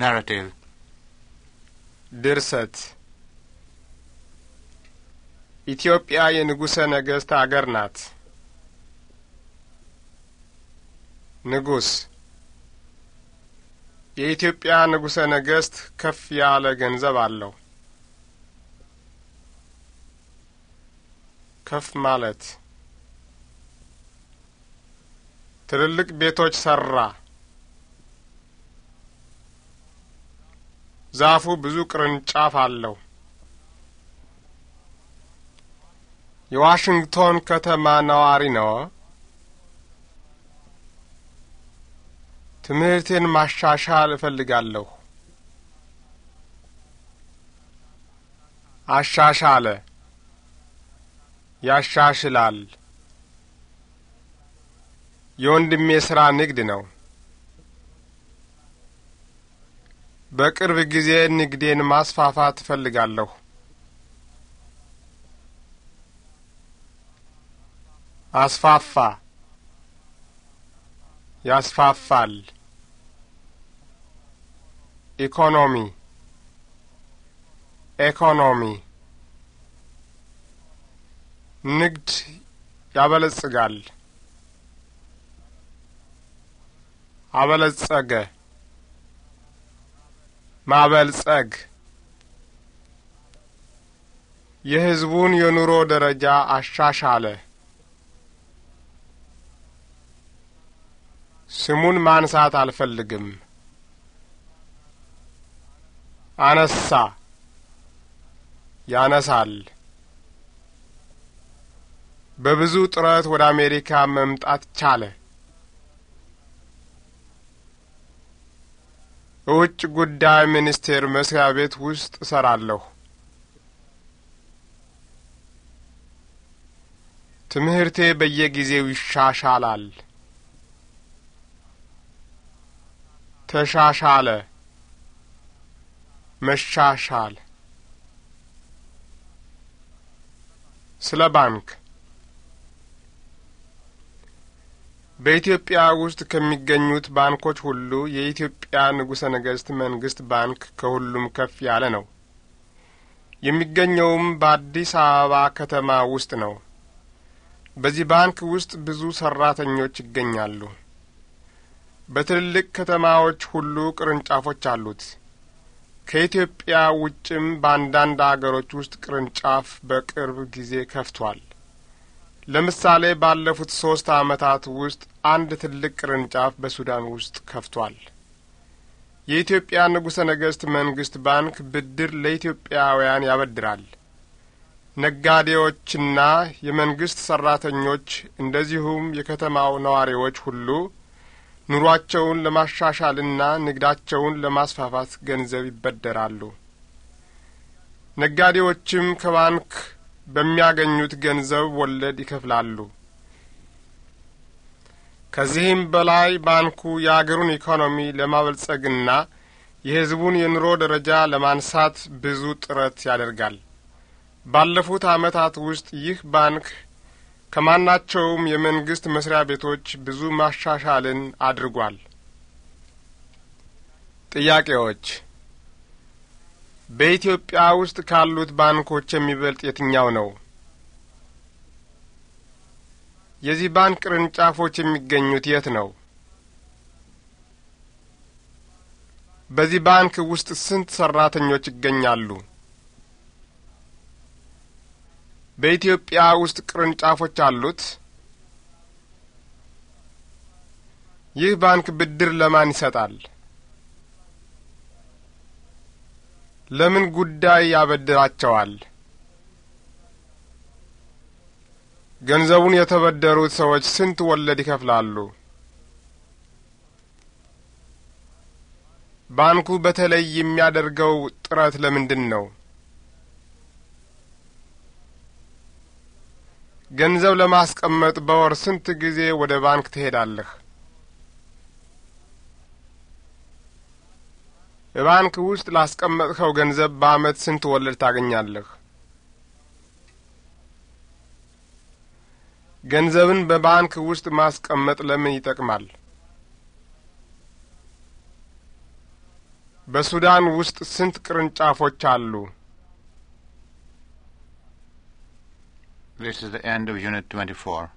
ናራቲቭ ድርሰት ኢትዮጵያ የንጉሠ ነገሥት አገር ናት። ንጉሥ የኢትዮጵያ ንጉሠ ነገሥት ከፍ ያለ ገንዘብ አለው። ከፍ ማለት ትልልቅ ቤቶች ሰራ። ዛፉ ብዙ ቅርንጫፍ አለው። የዋሽንግቶን ከተማ ነዋሪ ነው። ትምህርቴን ማሻሻል እፈልጋለሁ። አሻሻለ፣ ያሻሽላል። የወንድሜ ሥራ ንግድ ነው። በቅርብ ጊዜ ንግዴን ማስፋፋት እፈልጋለሁ። አስፋፋ፣ ያስፋፋል። ኢኮኖሚ፣ ኢኮኖሚ፣ ንግድ ያበለጽጋል። አበለጸገ ማበልጸግ የሕዝቡን የኑሮ ደረጃ አሻሻለ። ስሙን ማንሳት አልፈልግም። አነሳ፣ ያነሳል። በብዙ ጥረት ወደ አሜሪካ መምጣት ቻለ። ውጭ ጉዳይ ሚኒስቴር መስሪያ ቤት ውስጥ እሰራለሁ። ትምህርቴ በየጊዜው ይሻሻላል። ተሻሻለ፣ መሻሻል። ስለ ባንክ በኢትዮጵያ ውስጥ ከሚገኙት ባንኮች ሁሉ የኢትዮጵያ ንጉሠ ነገሥት መንግሥት ባንክ ከሁሉም ከፍ ያለ ነው። የሚገኘውም በአዲስ አበባ ከተማ ውስጥ ነው። በዚህ ባንክ ውስጥ ብዙ ሠራተኞች ይገኛሉ። በትልልቅ ከተማዎች ሁሉ ቅርንጫፎች አሉት። ከኢትዮጵያ ውጭም በአንዳንድ አገሮች ውስጥ ቅርንጫፍ በቅርብ ጊዜ ከፍቷል። ለምሳሌ ባለፉት ሶስት ዓመታት ውስጥ አንድ ትልቅ ቅርንጫፍ በሱዳን ውስጥ ከፍቷል። የኢትዮጵያ ንጉሠ ነገሥት መንግሥት ባንክ ብድር ለኢትዮጵያውያን ያበድራል። ነጋዴዎችና የመንግሥት ሠራተኞች እንደዚሁም የከተማው ነዋሪዎች ሁሉ ኑሯቸውን ለማሻሻልና ንግዳቸውን ለማስፋፋት ገንዘብ ይበደራሉ። ነጋዴዎችም ከባንክ በሚያገኙት ገንዘብ ወለድ ይከፍላሉ። ከዚህም በላይ ባንኩ የአገሩን ኢኮኖሚ ለማበልጸግና የሕዝቡን የኑሮ ደረጃ ለማንሳት ብዙ ጥረት ያደርጋል። ባለፉት ዓመታት ውስጥ ይህ ባንክ ከማናቸውም የመንግስት መስሪያ ቤቶች ብዙ ማሻሻልን አድርጓል። ጥያቄዎች በኢትዮጵያ ውስጥ ካሉት ባንኮች የሚበልጥ የትኛው ነው? የዚህ ባንክ ቅርንጫፎች የሚገኙት የት ነው? በዚህ ባንክ ውስጥ ስንት ሰራተኞች ይገኛሉ? በኢትዮጵያ ውስጥ ቅርንጫፎች አሉት? ይህ ባንክ ብድር ለማን ይሰጣል? ለምን ጉዳይ ያበድራቸዋል? ገንዘቡን የተበደሩት ሰዎች ስንት ወለድ ይከፍላሉ? ባንኩ በተለይ የሚያደርገው ጥረት ለምንድን ነው? ገንዘብ ለማስቀመጥ በወር ስንት ጊዜ ወደ ባንክ ትሄዳለህ? በባንክ ውስጥ ላስቀመጥኸው ገንዘብ በአመት ስንት ወለድ ታገኛለህ? ገንዘብን በባንክ ውስጥ ማስቀመጥ ለምን ይጠቅማል? በሱዳን ውስጥ ስንት ቅርንጫፎች አሉ? This is the end of Unit 24.